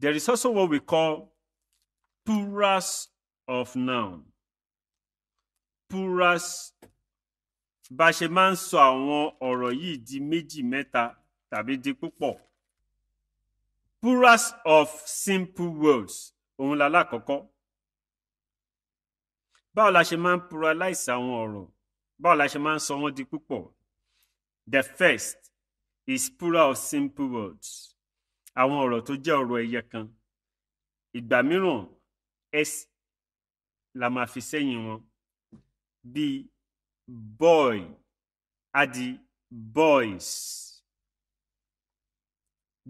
There is also what we call puras of noun. Puras bá a ṣe máa ń sọ àwọn ọ̀rọ̀ yìí di méjì mẹ́ta tàbí di púpọ̀. Puras of simple words òun lalákọ̀ọ́kọ́. Báwo la ṣe máa ń pluralize àwọn ọ̀rọ̀? Báwo la ṣe máa ń sọ wọ́n di púpọ̀? The first is pura of simple words àwọn ọ̀rọ̀ tó jẹ́ ọ̀rọ̀ ẹyẹ kan ìgbà mìíràn s la máa fi sẹ́yìn wọn bíi boy adi boys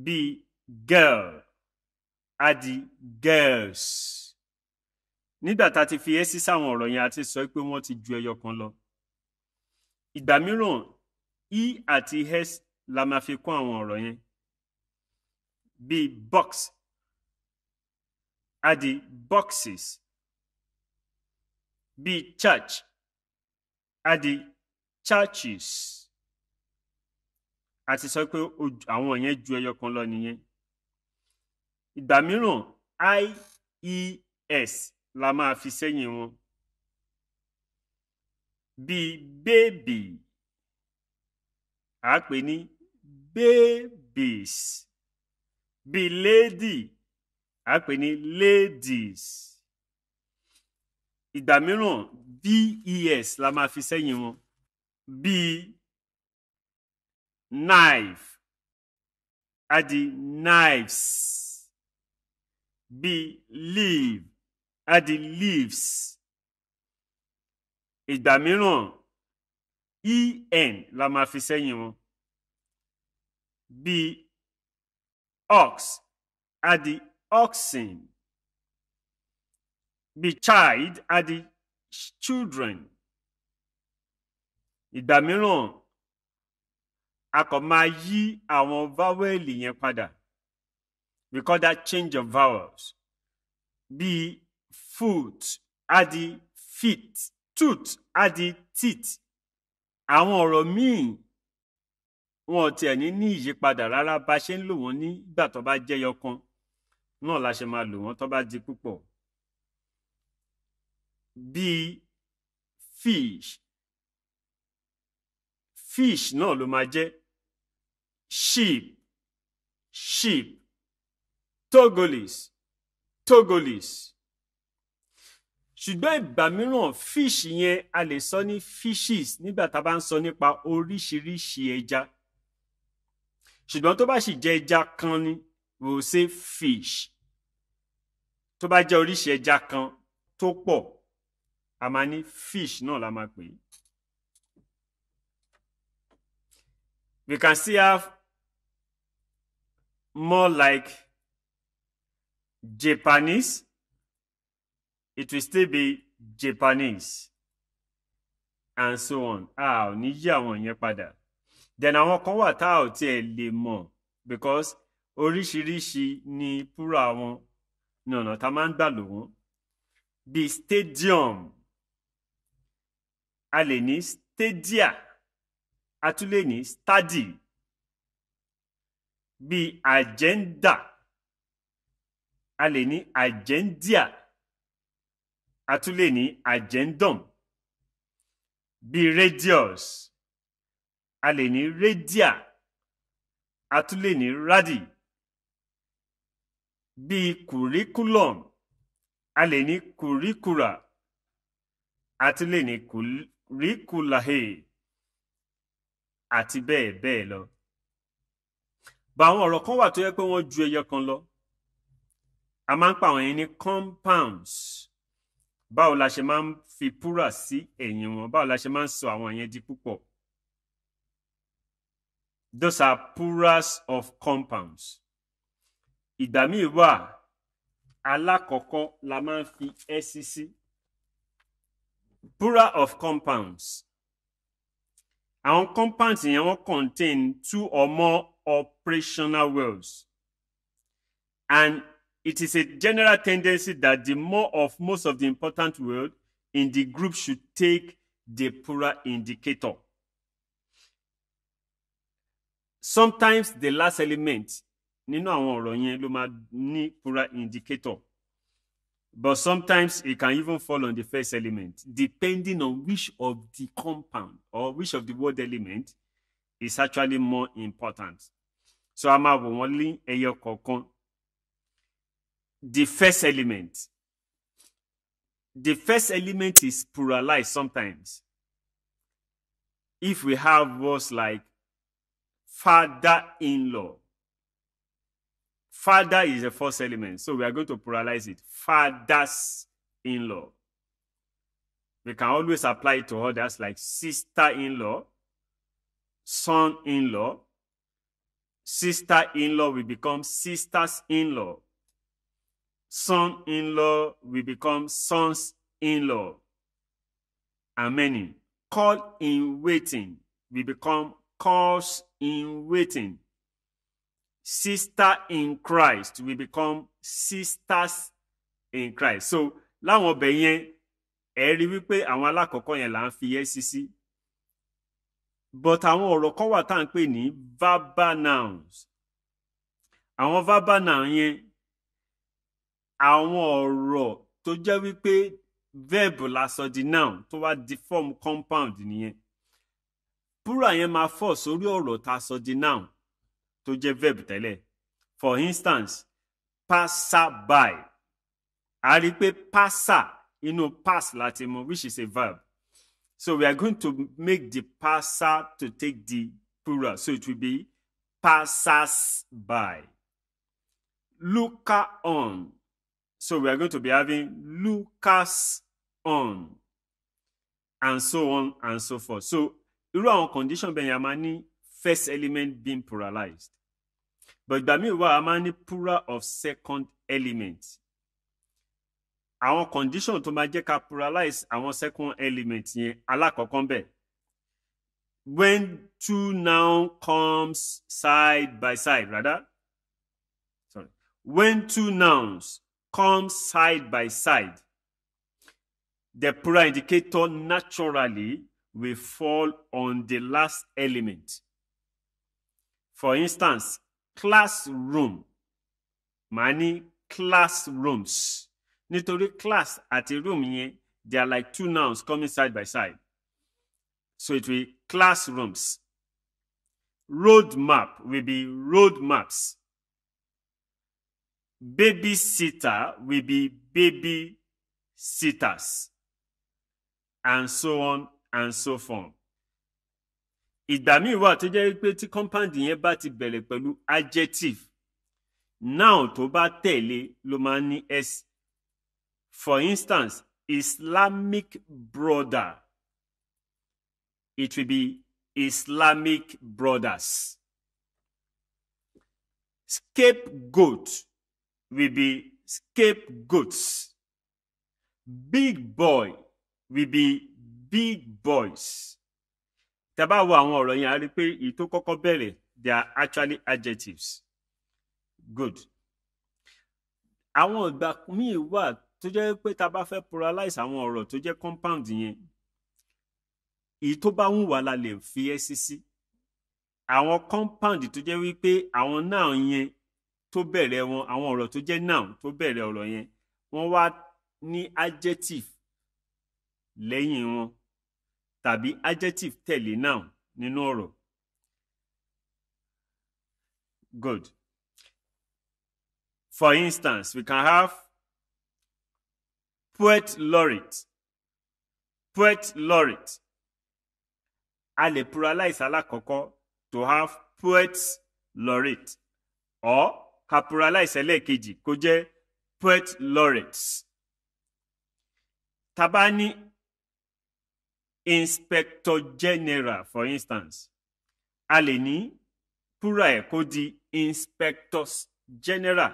bíi girl adi girls nígbà tá a ti fi s sáwọn ọ̀rọ̀ yẹn a ti sọ pé wọ́n ti ju ẹyọ kan lọ ìgbà mìíràn e àti s la máa fi kún àwọn ọ̀rọ̀ yẹn bíi box á boxes bíi church á churches a ti sọ pé àwọn yẹn ju ẹyọ kan lọ nìyẹn ìgbà mìíràn ies la máa fi sẹ́yìn wọn bíi bébì à pè ní babies bí lady a pè ní ladies ìgbà mìíràn ves la máa fi sẹ́yìn wọn bí knife a di knives bí leave a di leaves ìgbà mìíràn en la máa fi sẹ́yìn wọn bí ox are the oxen. The child are the children. Ìgbà mìíràn a kò máa yí àwọn vowel yẹn padà. We call that change of vowels. Bí foot are the feet, tooth are the teeth. Àwọn ọ̀rọ̀ míì wọn ò tiẹ̀ ní ní ìyípadà rárá bá ṣe ń lò wọ́n nígbà tó bá jẹ́yọ kan náà la ṣe máa lò wọ́n tó bá di púpọ̀ bíi fish fish náà ló máa jẹ́ sheep sheep Togolese Togolese ṣùgbọ́n ìgbà mìíràn fish yẹn a lè sọ ní fishes nígbà tá a bá ń sọ nípa oríṣiríṣi ẹja. E ṣùgbọ́n tó bá sì jẹ́ ẹja kan ni we will say fish tó bá jẹ́ oríṣi ẹja kan tó pọ̀ a máa ní fish náà la máa pè é. we can still have more like Japanese. It will still be Japanese. And so on. Ah, ò ní yí àwọn yẹn padà then àwọn kan wà tá ò tiẹ̀ lè mọ̀ because oríṣiríṣi ni púrà wọn ní ọ̀nà tá a máa ń gbà lò wọ́n bíi stadium a lè ní stadia a tún lè ní stadi bíi agenda a lè ní agendia a tún lè ní agendum bíi radius a lè ní rédíà a tún lè ní rádì bíi kùríkúlọ̀m a lè ní kùríkùrà a tún lè ní kùríkùlàhè àti bẹ́ẹ̀ bẹ́ẹ̀ lọ. bá àwọn ọ̀rọ̀ kan wà tó yẹ pé wọ́n ju ẹyọ kan lọ a máa ń pa àwọn yẹn ní compounds báwo la ṣe máa ń fi púrà sí ẹ̀yìn wọn báwo la ṣe máa ń sọ àwọn yẹn di púpọ̀ those are plurals of compounds ìgbà míì wà alákọ̀ọ́kọ́ la máa ń fi s sí plural of compounds àwọn compounds yẹn wọ́n contain two or more operational words and it is a general tendency that the more of most of the important words in the group should take the plural indicator sometimes the last element nínú àwọn ọ̀rọ̀ yẹn ló máa ní pura indicator but sometimes it can even fall on the first element depending on which of the compound or which of the word element is actually more important so a máa wò wọ́n ní ẹyọ kọ̀ọ̀kan the first element the first element is pluralized sometimes if we have words like father-in-law. Father is a first element, so we are going to pluralize it. Fathers-in-law. We can always apply it to others like sister-in-law, son-in-law. Sister-in-law will become sisters-in-law. Son-in-law will become sons-in-law. And many. Call in waiting will become cause in waiting. Sister in Christ, we become sisters in Christ. So láwọn ọbẹ̀ yẹn ẹ rí wípé àwọn alákọ̀ọ́kọ́ yẹn là ń fi yẹ́ sí sí. But àwọn ọ̀rọ̀ kan wà tá à ń pè ní verbal nouns. Àwọn verbal noun yẹn àwọn ọ̀rọ̀ tó jẹ́ wípé verb la sọ di noun tó wá di form compound nìyẹn plural yẹn máa fọ̀ sórí ọ̀rọ̀ tá sọ di noun tó jẹ́ verb tẹ́lẹ̀ for instance passerby a rí i pé passer inú pass láti mú which is a verb so we are going to make the passer to take the plural so it will be passersby looker on so we are going to be having lookers on and so on and so forth so irú àwọn condition bẹ́ẹ̀ yẹn a máa ní first element being pluralized but ìgbà míì wà a máa ní plural of second element àwọn condition tó máa jẹ́ ká pluralize àwọn second element yẹn alákọ̀ọ́kọ́ ń bẹ when two noun comes side by side rather sorry when two nouns come side by side the plural indicator naturally we fall on the last element. For instance, classroom. many classrooms. Nítorí class at a room yẹn, they are like two nouns coming side by side. So it will be classrooms. Roadmap will be roadmaps. Babysitter will be babysitters. And so on and so forth. ìgbà míì wà tó jẹ́ pé tí compound yẹn bá ti bẹ̀rẹ̀ pẹ̀lú adjective noun tó bá tẹ̀lé ló máa ní s. for instance Islamic brother it will be Islamic brothers. scapegoat will be scapegoats. big boy will be big boys tẹ́ bá wo àwọn ọ̀rọ̀ yẹn a rí pé èyí tó kọ́kọ́ bẹ̀rẹ̀ they are actually adjectives good àwọn ìgbà míì wà tó jẹ́ pé tá a bá fẹ́ pluralize àwọn ọ̀rọ̀ tó jẹ́ compound yẹn èyí tó bá wù wá la lè fi ẹ́ sí sí àwọn compound tó jẹ́ wípé àwọn noun yẹn tó bẹ̀rẹ̀ wọn àwọn ọ̀rọ̀ tó jẹ́ noun tó bẹ̀rẹ̀ ọ̀rọ̀ yẹn wọ́n wá ní adjective lẹ́yìn wọn tàbí adjective tẹ̀lé noun nínú ọ̀rọ̀. Good. For instance, we can have poet laureate. Poet laureate. A lè pluralize alákọ̀ọ́kọ́ to have poets laureate or ka pluralize ẹlẹ́ẹ̀kejì kó jẹ́ poet laureates. Tabani inspector general for instance a lè ní púrà ẹ̀ kó di inspectors general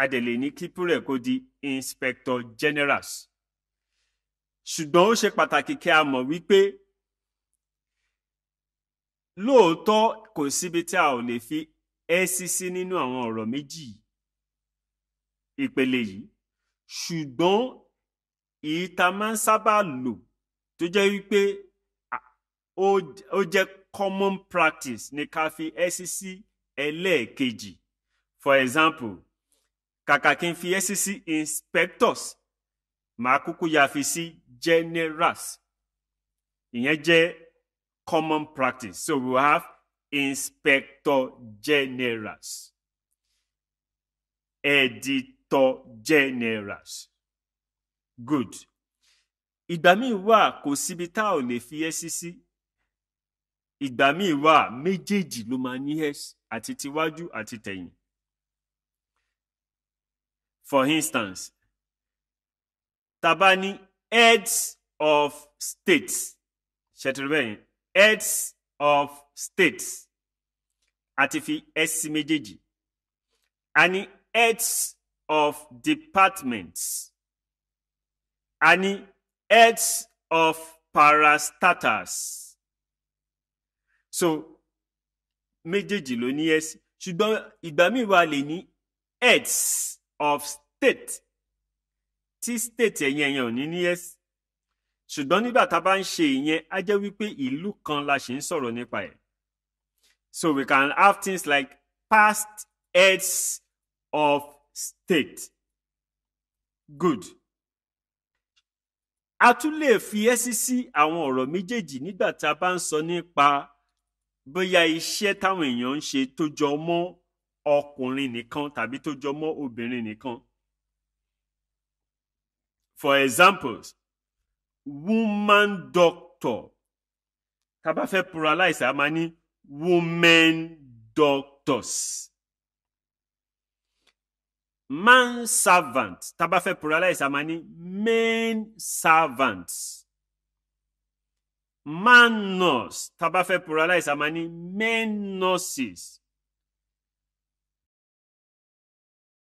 a dẹ̀ lè ní kí púrà ẹ̀ kó di inspector generals ṣùgbọ́n ó ṣe pàtàkì kí a mọ̀ wípé lóòótọ́ kò síbi tí a ò lè fi ẹ́ sí sí nínú àwọn ọ̀rọ̀ méjì ìpele yìí ṣùgbọ́n èyí tá máa ń sábà lò tó jẹ́ wípé ó jẹ́ common practice ní ká fi ẹ́sí sí ẹlẹ́ẹ̀kejì for example kàkà kí n fi SEC inspectors màá kúkú ya sí generals ìyẹn jẹ́ common practice so we have inspector generals editor generals good ìgbà míì wà kò síbi tá ò lè fi ẹ́sí sí ìgbà míì wà méjèèjì ló máa ní ẹ́sí àti tiwájú àti tẹ̀yìn for instance tá bá heads of states ṣètìlẹ́yìn heads of states àti fi ẹ́sí méjèèjì a heads of departments a heads of parastatus. So méjèèjì ló ní heads ṣùgbọ́n ìgbà míì wà lè ní heads of state tí state ẹ̀yìn ẹ̀yìn ò ní ní heads ṣùgbọ́n nígbà tá a bá ń ṣe ìyẹn á jẹ́ wípé ìlú kan la ṣì ń sọ̀rọ̀ nípa ẹ̀. So we can have things like past heads of state. Good a tún lè fi ẹ́sí sí àwọn ọ̀rọ̀ méjèèjì nígbà tá a bá ń sọ nípa bóyá iṣẹ́ táwọn èèyàn ń ṣe tó jọ mọ́ ọkùnrin nìkan tàbí tó jọ mọ́ obìnrin nìkan. For example, woman doctor tá a bá fẹ́ pluralize a máa ní women doctors man servant tábà fẹ́ pluralize àmà ní main servant man nurse tábà fẹ́ pluralize àmà ní main nurses